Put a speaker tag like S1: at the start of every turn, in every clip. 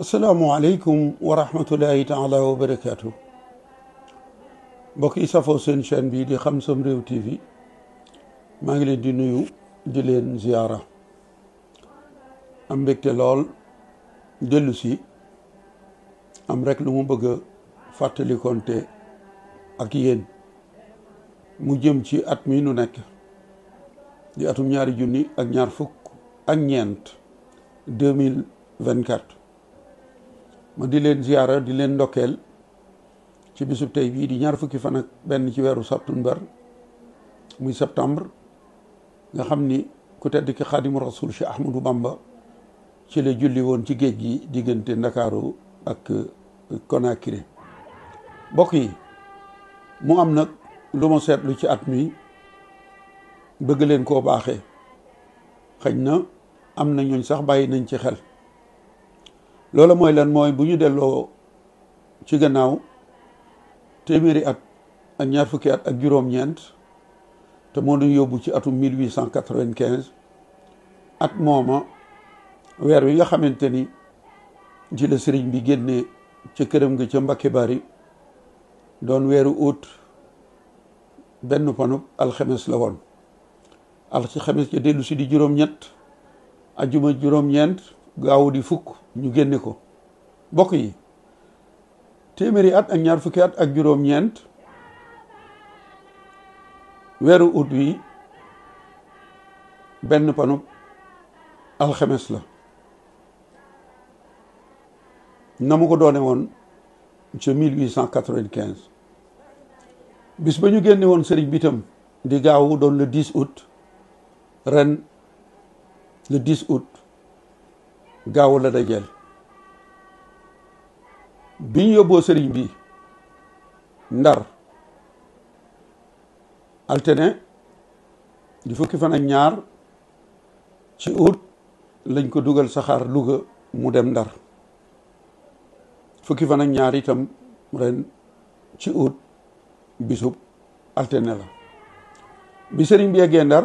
S1: asalaamu aleykum wa rahmatullahi taala wa barakaatu mbokk yi safoo seen chaîne bii di Xam Sam Réew TV maa ngi leen di nuyu di leen ziyaara am mbégte lool dellu si am rek lu mu bëgg a fàttalikonte ak yéen mu jëm ci at mi nu nekk di atum ñaari junni ak ñaar fukk ak ñeent deux mille vingt ma di leen ziyaara di leen ndokkeel ci bisub tey bii di ñaar fukki fan benn ci weeru septembar muy septembre nga xam ni ku tedd ki xaadimu rasul Cheikh Ahmadou Bamba ci la julli woon ci géej gi diggante Ndakaaru ak euh, Conakry mbokk yi mu am nag lu ma seetlu ci at mi bëgg leen koo baaxee xëy na am na ñooñ sax bàyyi nañ ci xel loolu mooy lan mooy bu ñu delloo ci gannaaw téeméeri at ak ñaar fukki at ak juróom-ñeent te moo ñu yóbbu ci atum 1895 at mooma weer wi nga xamante ni ci la sëriñ bi génnee ca këram nga ca Mbakke Bari doon weeru août benn panub alxemes la woon alxemes ja dellu si di juróom-ñett ajuma juróom-ñeent gaawu di fukk ñu génne ko mbokk yi téeméeri at ak ñaar fukki at ak juróom-ñeent weeru ut wi benn panub alxemes la na mu ko doone woon ca 1895 bis ba ñu génne woon sëriñ bitam tam di gaawu doon le 10 août ren le 10 août gaaw la dajeel bi ñu yóbboo sëriñ bi ndar altine di fukki fan ñaar ci août lañ ko dugal saxaar Louga mu dem ndar fukki fan ak ñaar itam ren ci août bisub altine la bi sëriñ bi yeggee ndar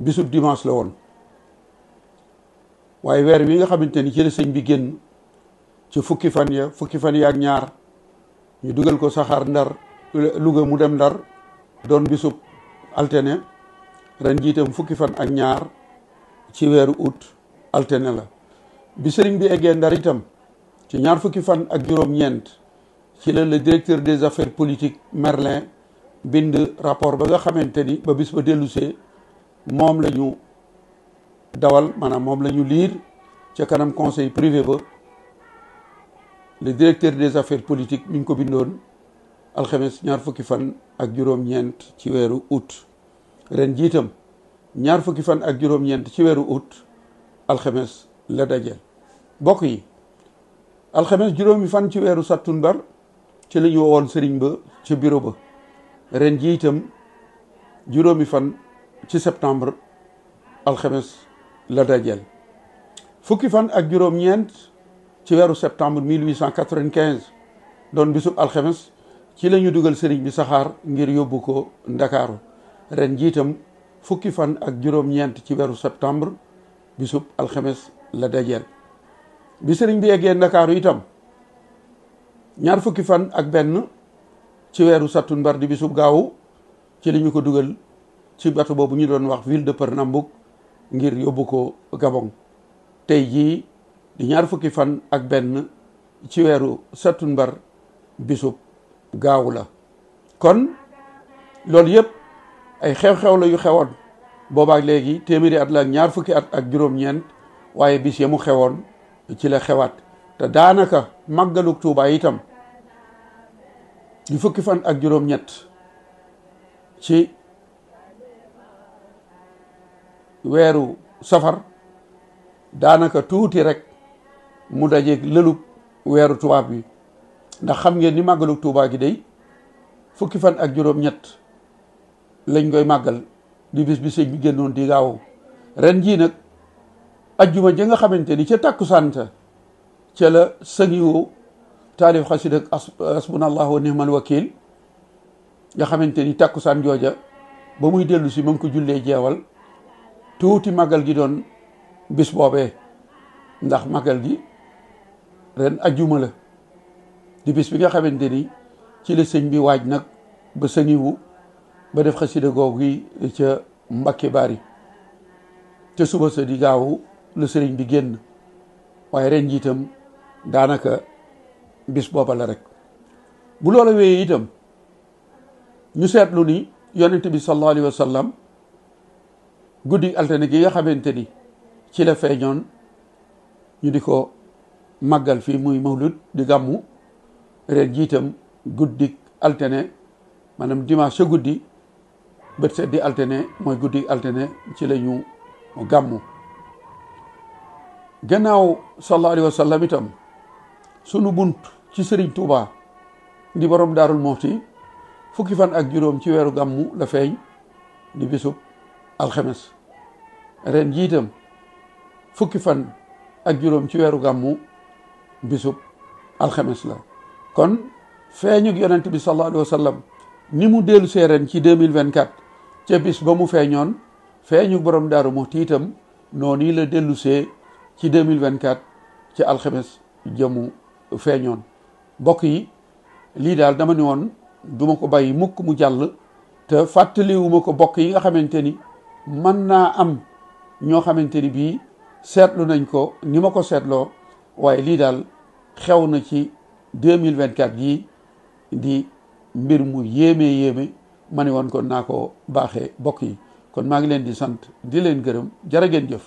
S1: bisu dimanche la woon waaye weer wi nga xamante ni ci la sëñ bi génn ci fukki fan ya fukki fan ya ak ñaar ñu dugal ko saxaar ndar Louga mu dem ndar doon bisub altene ren jiitam fukki fan ak ñaar ci weeru ut altene la bi sëriñ bi eggee ndar itam ci ñaar fukki fan ak juróom-ñeent ci la le directeur des affaires politiques Merlin bind rapport ba nga xamante ni ba bis ba dellusee moom lañu dawal maanaam moom lañu liir ca kanam conseil privé ba le directeur des affaires politiques mi ngi ko bindoon alxemes ñaar fukki fan ak juróom-ñeent ci weeru août ren jiitam ñaar fukki fan ak juróom-ñeent ci weeru août alxames la dajeel bokk yi alxemes juróomi fan ci weeru sattunbar ci la ñu sëriñ ba ca bureau ba ren jiitam juróomi fan ci septembre alxames la dajel fukki fan ak juróom-ñeent ci weeru septembre 1895 doon bisub alxames ci lañu ñu dugal sëriñ bi saxaar ngir yóbbu ko ren jiitam fukki fan ak juróom-ñeent ci weeru septembre bisub alxames la dajel bi sëriñ bi yeggee ndakaaru itam ñaar fukki fan ak benn ci weeru sattunbar di bisub gaawu ci la ñu ko dugal ci batu boobu ñu doon wax ville de Pernambouc ngir yóbbu ko Gabon tey jii di ñaar fukki fan ak benn ci weeru satumbar bisub gaaw la kon loolu yëpp ay xew-xew la yu xewoon boobaak léegi téeméeri at la ak ñaar fukki at ak juróom-ñeent waaye bis ya xewoon ci la xewaat te daanaka màggalug Tuubaa itam di fukki fan ak juróom-ñett ci weeru safar daanaka tuuti rek mu dajeeg lëlub weeru tubaab bi ndax xam ngeen ni màggalu tuubaa gi day fukki fan ak juróom-ñett lañ koy màggal di bis bi sëñ bi génnoon di gaaw ren jii nag ajjuma ja nga xamante ni ca tàkkusaan sa ca la sëñiwu taalif xasid ak asbunallahu wa nihmal wakil nga xamante ni tàkkusaan jooja ba muy dellu si ma ngi ko jullee jeewal tuuti màggal gi doon bis boobee ndax màggal gi ren ajjuma la di bis bi nga xamante ni ci la sëñ bi waaj nag ba sëñiwu ba def xasida googu yi ca Mbàkke Bari ca suba sa di gaawu la sëriñ bi génn waaye ren jiitam daanaka bis booba la rek bu loola wéyee itam ñu seetlu ni yonent bi sallallahu alayhi wa guddi altine gi nga xamante ni ci la feeñoon ñu di ko màggal fii muy mawlud di gàmmu ren jiitam guddi altine maanaam dimanche sa guddi bët set di altine mooy guddi altine ci la ñu gàmmu gannaaw sallallahu alayhi itam sunu bunt ci sëriñ Touba di borom daarul Muxti fukki fan ak juróom ci weeru gàmmu la feeñ di bisub alxemes ren jiitam fukki fan ak juróom ci weeru gàmmu bisub alxemes la kon feeñu yonent bi solo alayhi wa sallam ni mu dellu see ren ci mille 2024 ca bis ba mu feeñoon feeñu borom daaru mu tiitam noonu la dellusee ci dellu mille ci 2024 ci alxemes jëmu feeñoon mbokk yi lii daal dama ne woon duma ko bàyyi mukk mu jàll te fàttaliwuma ko bokk yi nga xamante ni mën naa am ñoo xamante ni bii seetlu nañ ko ni ma ko seetloo waaye lii daal xew na ci deux mille vingt quatre yi di mbir mu yéeme yéeme ma ne woon kon naa ko baaxe bokk yi kon maa ngi leen di sant di leen gërëm jërë ngeen jëf.